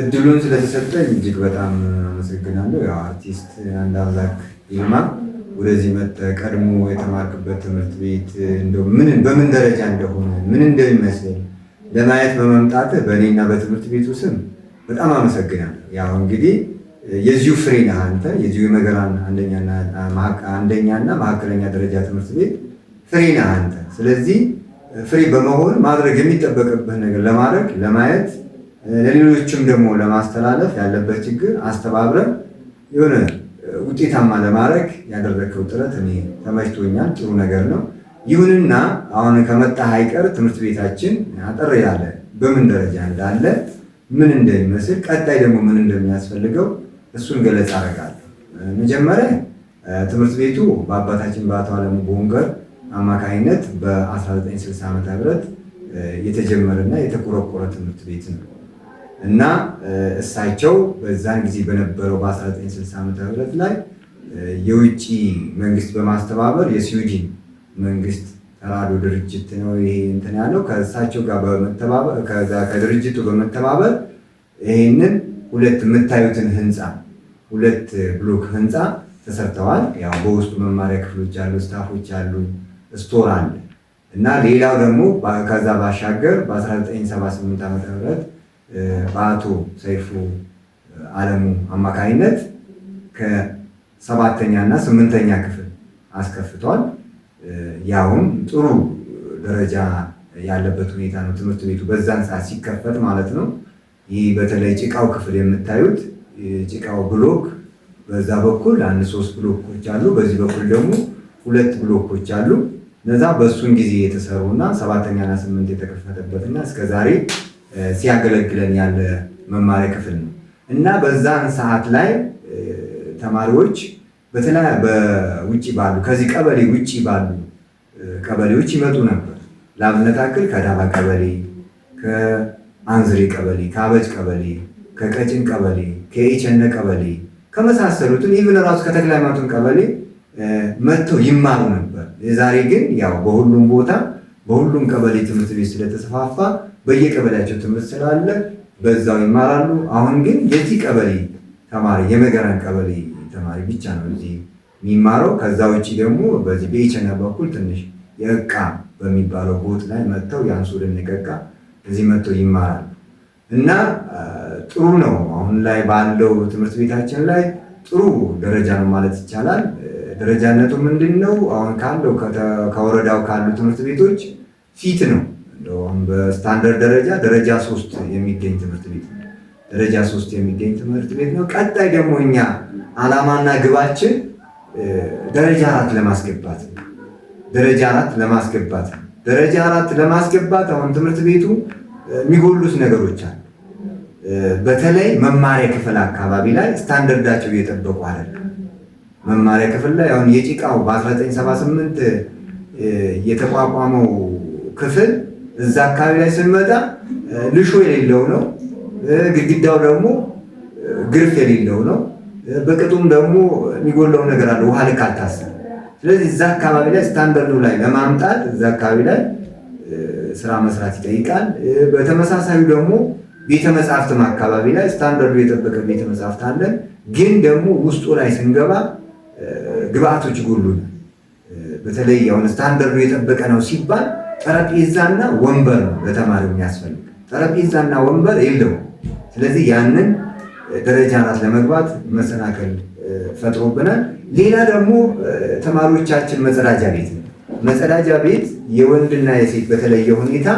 እድሉን ስለተሰጠኝ እጅግ በጣም አመሰግናለሁ። አርቲስት አንዳርዛክ ይልማ ወደዚህ መጠ ቀድሞ የተማርክበት ትምህርት ቤት በምን ደረጃ እንደሆነ ምን እንደሚመስል ለማየት በመምጣትህ በእኔና በትምህርት ቤቱ ስም በጣም አመሰግናለሁ። ያው እንግዲህ የዚሁ ፍሬ ነህ አንተ የዚሁ የመገራን አንደኛና መካከለኛ ደረጃ ትምህርት ቤት ፍሬ ነህ አንተ ስለዚህ ፍሬ በመሆን ማድረግ የሚጠበቅብህ ነገር ለማድረግ ለማየት ለሌሎችም ደግሞ ለማስተላለፍ ያለበት ችግር አስተባብረን የሆነ ውጤታማ ለማድረግ ያደረግከው ጥረት እኔ ተመችቶኛል። ጥሩ ነገር ነው። ይሁንና አሁን ከመጣ አይቀር ትምህርት ቤታችን አጠር ያለ በምን ደረጃ እንዳለ ምን እንደሚመስል ቀጣይ ደግሞ ምን እንደሚያስፈልገው እሱን ገለጽ አደርጋለሁ። መጀመሪያ ትምህርት ቤቱ በአባታችን በአቶ አለሙ ቦንገር አማካይነት በ1960 ዓ ም የተጀመረና የተቆረቆረ ትምህርት ቤት ነው እና እሳቸው በዛን ጊዜ በነበረው በ1960 ዓ ም ላይ የውጭ መንግስት በማስተባበር የስዊድን መንግስት ተራዶ ድርጅት ነው ይሄ እንትን ያለው ከእሳቸው ጋር በመተባበር ከድርጅቱ በመተባበር ይሄንን ሁለት የምታዩትን ህንፃ ሁለት ብሎክ ህንፃ ተሰርተዋል። ያው በውስጡ መማሪያ ክፍሎች አሉ፣ ስታፎች አሉ። ስቶር አለ እና ሌላው ደግሞ ከዛ ባሻገር በ1978 ዓ ም በአቶ ሰይፉ አለሙ አማካኝነት ከሰባተኛ እና ስምንተኛ ክፍል አስከፍቷል። ያውም ጥሩ ደረጃ ያለበት ሁኔታ ነው። ትምህርት ቤቱ በዛን ሰዓት ሲከፈት ማለት ነው። ይህ በተለይ ጭቃው ክፍል የምታዩት ጭቃው ብሎክ በዛ በኩል አንድ ሶስት ብሎኮች አሉ። በዚህ በኩል ደግሞ ሁለት ብሎኮች አሉ። እነዛ በእሱን ጊዜ የተሰሩና ሰባተኛና ስምንት እስከ እስከዛሬ ሲያገለግለን ያለ መማሪያ ክፍል ነው እና በዛን ሰዓት ላይ ተማሪዎች በተለያ በውጭ ባሉ ከዚህ ቀበሌ ውጭ ባሉ ቀበሌዎች ይመጡ ነበር። ለአብነት አክል ከዳባ ቀበሌ፣ ከአንዝሬ ቀበሌ፣ ከአበጅ ቀበሌ፣ ከቀጭን ቀበሌ፣ ከኤቸነ ቀበሌ ከመሳሰሉትን ይህን ራሱ ከተክለ ሃይማኖትን ቀበሌ መጥተው ይማሩ ነበር። የዛሬ ግን ያው በሁሉም ቦታ በሁሉም ቀበሌ ትምህርት ቤት ስለተስፋፋ በየቀበሌያቸው ትምህርት ስላለ በዛው ይማራሉ። አሁን ግን የዚህ ቀበሌ ተማሪ የመገራን ቀበሌ ተማሪ ብቻ ነው እዚህ የሚማረው። ከዛ ውጭ ደግሞ በዚህ በኢቸና በኩል ትንሽ የእቃ በሚባለው ቦት ላይ መጥተው የአንሱ ልንቀቃ እዚህ መጥተው ይማራሉ እና ጥሩ ነው። አሁን ላይ ባለው ትምህርት ቤታችን ላይ ጥሩ ደረጃ ነው ማለት ይቻላል። ደረጃነቱ ምንድን ነው? አሁን ካለው ከወረዳው ካሉ ትምህርት ቤቶች ፊት ነው። እንደውም በስታንዳርድ ደረጃ ደረጃ ሶስት የሚገኝ ትምህርት ቤት ነው። ደረጃ ሶስት የሚገኝ ትምህርት ቤት ነው። ቀጣይ ደግሞ እኛ አላማና ግባችን ደረጃ አራት ለማስገባት ደረጃ አራት ለማስገባት ደረጃ አራት ለማስገባት አሁን ትምህርት ቤቱ የሚጎሉት ነገሮች አሉ። በተለይ መማሪያ ክፍል አካባቢ ላይ ስታንዳርዳቸው እየጠበቁ አይደለም። መማሪያ ክፍል ላይ አሁን የጭቃው በ1978 የተቋቋመው ክፍል እዛ አካባቢ ላይ ስንመጣ ልሾ የሌለው ነው። ግድግዳው ደግሞ ግርፍ የሌለው ነው። በቅጡም ደግሞ የሚጎለው ነገር አለ፣ ውሃ ልክ አልታሰብ። ስለዚህ እዛ አካባቢ ላይ ስታንዳርዱ ላይ ለማምጣት እዛ አካባቢ ላይ ስራ መስራት ይጠይቃል። በተመሳሳዩ ደግሞ ቤተ መጽሐፍትም አካባቢ ላይ ስታንዳርዱ የጠበቀ ቤተ መጽሐፍት አለን። ግን ደግሞ ውስጡ ላይ ስንገባ ግብአቶች ጎሉን። በተለይ አሁን ስታንደርዱ የጠበቀ ነው ሲባል ጠረጴዛና ወንበር ነው ለተማሪው የሚያስፈልግ። ጠረጴዛና ወንበር የለው ስለዚህ ያንን ደረጃ ናት ለመግባት መሰናከል ፈጥሮብናል። ሌላ ደግሞ ተማሪዎቻችን መጸዳጃ ቤት ነው። መጸዳጃ ቤት የወንድና የሴት በተለየ ሁኔታ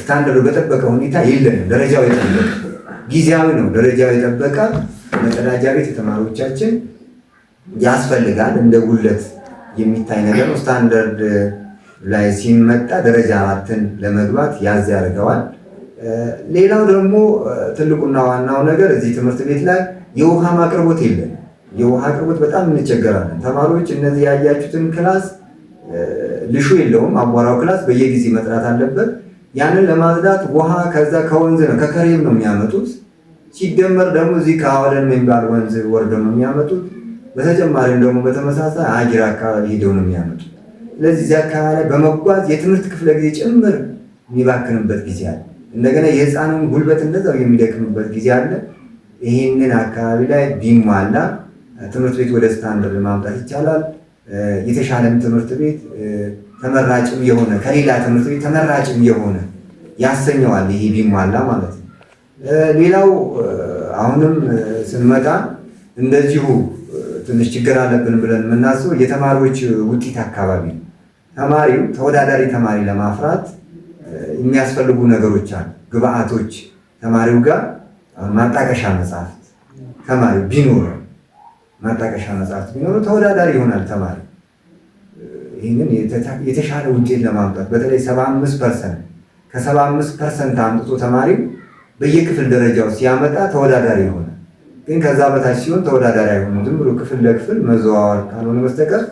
ስታንደርዱ በጠበቀ ሁኔታ የለንም። ደረጃው የጠበቀ ጊዜያዊ ነው። ደረጃው የጠበቀ መጸዳጃ ቤት የተማሪዎቻችን ያስፈልጋል። እንደ ጉለት የሚታይ ነገር ነው። ስታንዳርድ ላይ ሲመጣ ደረጃ አራትን ለመግባት ያዝ ያደርገዋል። ሌላው ደግሞ ትልቁና ዋናው ነገር እዚህ ትምህርት ቤት ላይ የውሃ አቅርቦት የለም። የውሃ አቅርቦት በጣም እንቸገራለን። ተማሪዎች እነዚህ ያያችሁትን ክላስ ልሹ የለውም። አቧራው ክላስ በየጊዜ መጥራት አለበት። ያንን ለማጽዳት ውሃ ከዛ ከወንዝ ነው ከከሬም ነው የሚያመጡት። ሲደመር ደግሞ እዚህ ከአዋለን የሚባል ወንዝ ወርደው ነው የሚያመጡት። በተጨማሪም ደግሞ በተመሳሳይ አጅር አካባቢ ሄደው ነው የሚያመጡ። ስለዚህ እዚህ አካባቢ ላይ በመጓዝ የትምህርት ክፍለ ጊዜ ጭምር የሚባክንበት ጊዜ አለ። እንደገና የህፃኑን ጉልበት እንደዛው የሚደክምበት ጊዜ አለ። ይህንን አካባቢ ላይ ቢሟላ ትምህርት ቤት ወደ ስታንዳርድ ማምጣት ይቻላል። የተሻለም ትምህርት ቤት ተመራጭም የሆነ ከሌላ ትምህርት ቤት ተመራጭም የሆነ ያሰኘዋል። ይሄ ቢሟላ ማለት ነው። ሌላው አሁንም ስንመጣ እንደዚሁ ትንሽ ችግር አለብን ብለን የምናስበው የተማሪዎች ውጤት አካባቢ ነው። ተማሪው ተወዳዳሪ ተማሪ ለማፍራት የሚያስፈልጉ ነገሮች አሉ፣ ግብአቶች ተማሪው ጋር ማጣቀሻ መጽሐፍት ተማሪ ቢኖር ማጣቀሻ መጽሐፍት ቢኖረ ተወዳዳሪ ይሆናል ተማሪ ይህንን የተሻለ ውጤት ለማምጣት በተለይ 75 ፐርሰንት ከ75 ፐርሰንት አምጥቶ ተማሪው በየክፍል ደረጃው ሲያመጣ ተወዳዳሪ ይሆናል። ግን ከዛ በታች ሲሆን ተወዳዳሪ አይሆኑም። ዝም ብሎ ክፍል ለክፍል መዘዋወር ካልሆነ በስተቀር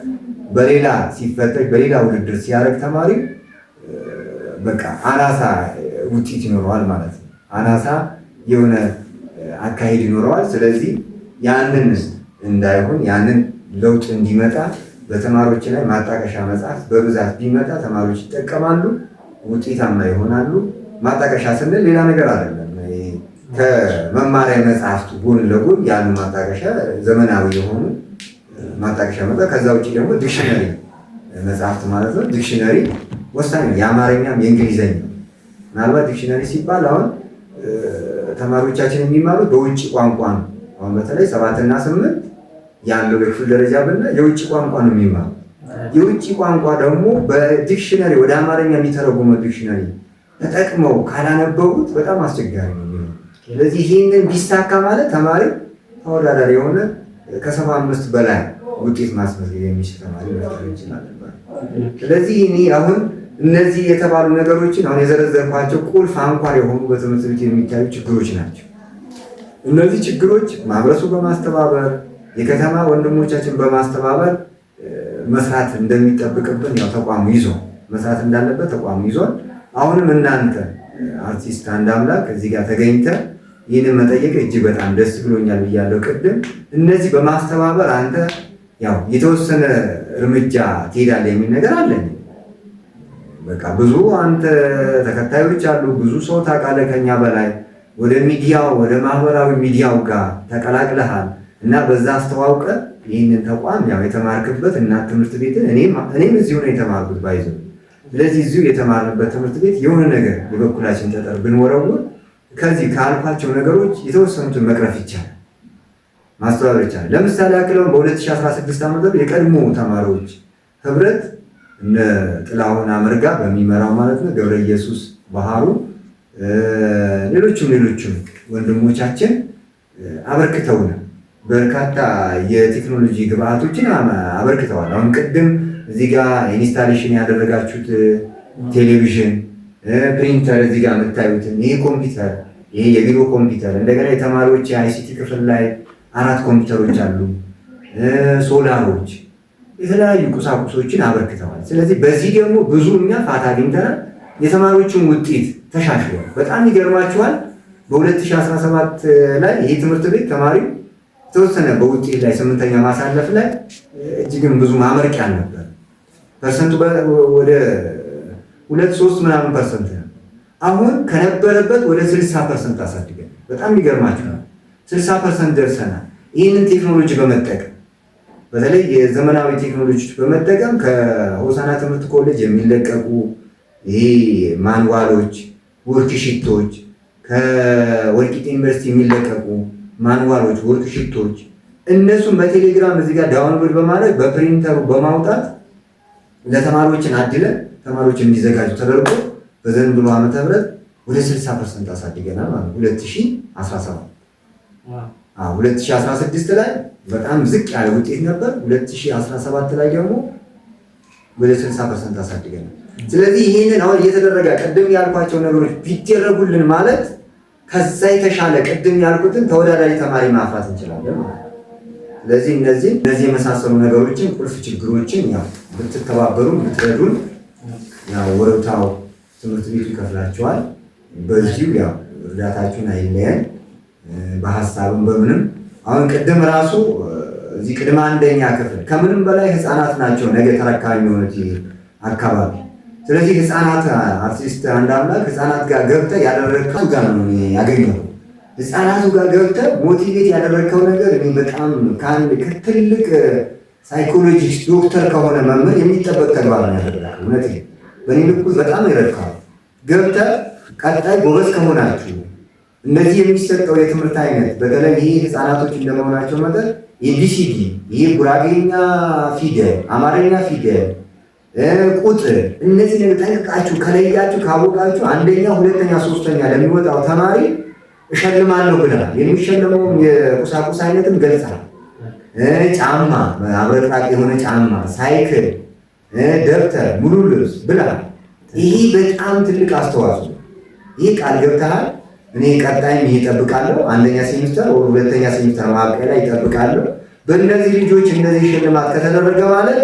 በሌላ ሲፈተሽ በሌላ ውድድር ሲያደርግ ተማሪ በቃ አናሳ ውጤት ይኖረዋል ማለት ነው። አናሳ የሆነ አካሄድ ይኖረዋል። ስለዚህ ያንን እንዳይሆን ያንን ለውጥ እንዲመጣ በተማሪዎች ላይ ማጣቀሻ መጽሐፍት በብዛት ቢመጣ ተማሪዎች ይጠቀማሉ፣ ውጤታማ ይሆናሉ። ማጣቀሻ ስንል ሌላ ነገር አይደለም። ከመማሪያ መጽሐፍት ጎን ለጎን ያሉ ማጣቀሻ ዘመናዊ የሆኑ ማጣቀሻ መጣ። ከዛ ውጭ ደግሞ ዲክሽነሪ መጽሐፍት ማለት ነው። ዲክሽነሪ ወሳኝ የአማርኛም የእንግሊዘኛ ምናልባት ዲክሽነሪ ሲባል አሁን ተማሪዎቻችን የሚማሩ በውጭ ቋንቋ ነው። አሁን በተለይ ሰባትና ስምንት ያለው የክፍል ደረጃ ብና የውጭ ቋንቋ ነው የሚማሩ። የውጭ ቋንቋ ደግሞ በዲክሽነሪ ወደ አማርኛ የሚተረጉመው ዲክሽነሪ ተጠቅመው ካላነበቡት በጣም አስቸጋሪ ነው። ስለዚህ ይህንን ቢሳካ ማለት ተማሪ ተወዳዳሪ የሆነ ከሰባ አምስት በላይ ውጤት ማስመዝገብ የሚችል ተማሪ መፍጠር ይችላል። ስለዚህ እኔ አሁን እነዚህ የተባሉ ነገሮችን አሁን የዘረዘርኳቸው ቁልፍ አንኳር የሆኑ በትምህርት ቤት የሚታዩ ችግሮች ናቸው። እነዚህ ችግሮች ማህበረሰቡ በማስተባበር የከተማ ወንድሞቻችን በማስተባበር መስራት እንደሚጠብቅብን ያው ተቋሙ ይዞ መስራት እንዳለበት ተቋሙ ይዞን አሁንም እናንተ አርቲስት አንድ አምላክ እዚህ ጋር ተገኝተን ይህንን መጠየቅ እጅግ በጣም ደስ ብሎኛል ብያለሁ ቅድም። እነዚህ በማስተባበር አንተ ያው የተወሰነ እርምጃ ትሄዳለህ የሚል ነገር አለን። በቃ ብዙ አንተ ተከታዮች አሉ፣ ብዙ ሰው ታውቃለህ ከኛ በላይ ወደ ሚዲያው ወደ ማህበራዊ ሚዲያው ጋር ተቀላቅለሃል እና በዛ አስተዋውቀ ይህንን ተቋም ያው የተማርክበት እናት ትምህርት ቤትን እኔም እዚሁ ነው የተማርኩት ባይዞ። ስለዚህ እዚሁ የተማርንበት ትምህርት ቤት የሆነ ነገር የበኩላችን ጠጠር ብንወረውር ከዚህ ካልኳቸው ነገሮች የተወሰኑትን መቅረፍ ይቻላል፣ ማስተዋል ይቻላል። ለምሳሌ ያክለውን በ2016 ዓ የቀድሞ ተማሪዎች ህብረት እነ ጥላሁን አመርጋ በሚመራው ማለት ነው ገብረ ኢየሱስ ባህሩ፣ ሌሎችም ሌሎችም ወንድሞቻችን አበርክተውናል። በርካታ የቴክኖሎጂ ግብአቶችን አበርክተዋል። አሁን ቅድም እዚህ ጋር ኢንስታሌሽን ያደረጋችሁት ቴሌቪዥን ፕሪንተር እዚህ ጋር የምታዩትን ይህ ኮምፒውተር ይህ የቢሮ ኮምፒውተር እንደገና የተማሪዎች የአይሲቲ ክፍል ላይ አራት ኮምፒውተሮች አሉ። ሶላሮች፣ የተለያዩ ቁሳቁሶችን አበርክተዋል። ስለዚህ በዚህ ደግሞ ብዙ እኛ ፋታ አግኝተናል። የተማሪዎችን ውጤት ተሻሽሏል። በጣም ይገርማችኋል። በ2017 ላይ ይህ ትምህርት ቤት ተማሪው የተወሰነ በውጤት ላይ ስምንተኛ ማሳለፍ ላይ እጅግም ብዙ ማመርቅ አልነበር ፐርሰንቱ ወደ ሁለት ሶስት ምናምን ፐርሰንት ነው። አሁን ከነበረበት ወደ ስልሳ ፐርሰንት አሳድገን በጣም የሚገርማችሁ ነው ስልሳ ፐርሰንት ደርሰናል። ይህንን ቴክኖሎጂ በመጠቀም በተለይ የዘመናዊ ቴክኖሎጂ በመጠቀም ከሆሳና ትምህርት ኮሌጅ የሚለቀቁ ይሄ ማንዋሎች፣ ሽቶች ከወልቂጤ ዩኒቨርሲቲ የሚለቀቁ ማንዋሎች፣ ሽቶች እነሱን በቴሌግራም እዚህ ጋር ዳውንሎድ በማድረግ በፕሪንተሩ በማውጣት ለተማሪዎችን አድለን ተማሪዎች እንዲዘጋጁ ተደርጎ በዘንድሮ ዓመተ ምህረት ወደ 60 ፐርሰንት አሳድገናል ማለት 2017 2016 ላይ በጣም ዝቅ ያለ ውጤት ነበር። 2017 ላይ ደግሞ ወደ 60 ፐርሰንት አሳድገናል። ስለዚህ ይህንን አሁን እየተደረገ ቅድም ያልኳቸው ነገሮች ቢደረጉልን ማለት ከዛ የተሻለ ቅድም ያልኩትን ተወዳዳሪ ተማሪ ማፍራት እንችላለን ማለት ነው። ስለዚህ እነዚህ እነዚህ የመሳሰሉ ነገሮችን ቁልፍ ችግሮችን ያው ብትተባበሩን ብትረዱን ያው ወረብታው ትምህርት ቤቱ ይከፍላቸዋል። በዚሁ ያው እርዳታችሁን አይለያል። በሀሳብም በምንም አሁን ቅድም ራሱ እዚህ ቅድመ አንደኛ ክፍል ከምንም በላይ ህፃናት ናቸው ነገ ተረካቢ የሆኑት አካባቢ። ስለዚህ ህፃናት አርቲስት አንድ አምላክ ህፃናት ጋር ገብተ ያደረግከው ጋር ነው ያገኘው። ህፃናቱ ጋር ገብተ ሞቲቬት ያደረግከው ነገር እኔ በጣም ከትልቅ ሳይኮሎጂስት ዶክተር ከሆነ መምህር የሚጠበቅ ተግባር ያደርጋል። እውነት በእኔ በኩል በጣም ይረካል። ገብተ ቀጣይ ጎበዝ ከሆናችሁ እነዚህ የሚሰጠው የትምህርት አይነት በተለይ ይህ ህፃናቶች እንደመሆናቸው መጠን የቢሲዲ ይህ ጉራጌኛ ፊደል፣ አማርኛ ፊደል፣ ቁጥር እነዚህ ጠንቅቃችሁ ከለያችሁ ካወቃችሁ አንደኛ፣ ሁለተኛ፣ ሶስተኛ ለሚወጣው ተማሪ እሸልማለሁ ብለናል። የሚሸለመው የቁሳቁስ አይነትም ገልጻል። ጫማ፣ አብረቅራቅ የሆነ ጫማ፣ ሳይክል፣ ደብተር፣ ሙሉ ልብስ ብላ። ይህ በጣም ትልቅ አስተዋጽኦ ይህ ቃል ገብተሃል። እኔ ቀጣይም ይሄ እጠብቃለሁ። አንደኛ ሴሚስተር ወ ሁለተኛ ሴሚስተር ማብቂያ ላይ ይጠብቃለሁ። በእነዚህ ልጆች እነዚህ ሽልማት ከተደረገ ማለት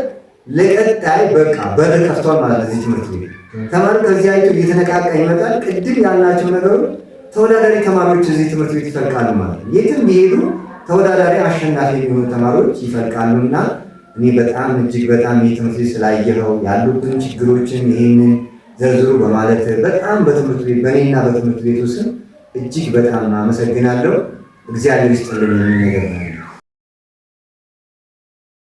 ለቀጣይ በቃ በር ከፍቷል ማለት እዚህ ትምህርት ቤት ተማሪ ከዚህ አይቶ እየተነቃቃ ይመጣል። ቅድም ያላቸው ነገሮች ተወዳዳሪ ተማሪዎች እዚህ ትምህርት ቤት ይፈልቃሉ ማለት ነው። የትም ይሄዱ ተወዳዳሪ አሸናፊ የሚሆኑ ተማሪዎች ይፈልቃሉና እኔ በጣም እጅግ በጣም የትምህርት ቤት ስላየኸው ያሉትን ችግሮችን ይህንን ዘርዝሩ በማለት በጣም በትምህርት ቤት በእኔና በትምህርት ቤቱ ስም እጅግ በጣም አመሰግናለሁ። እግዚአብሔር ይስጥልን የሚነገር ነው።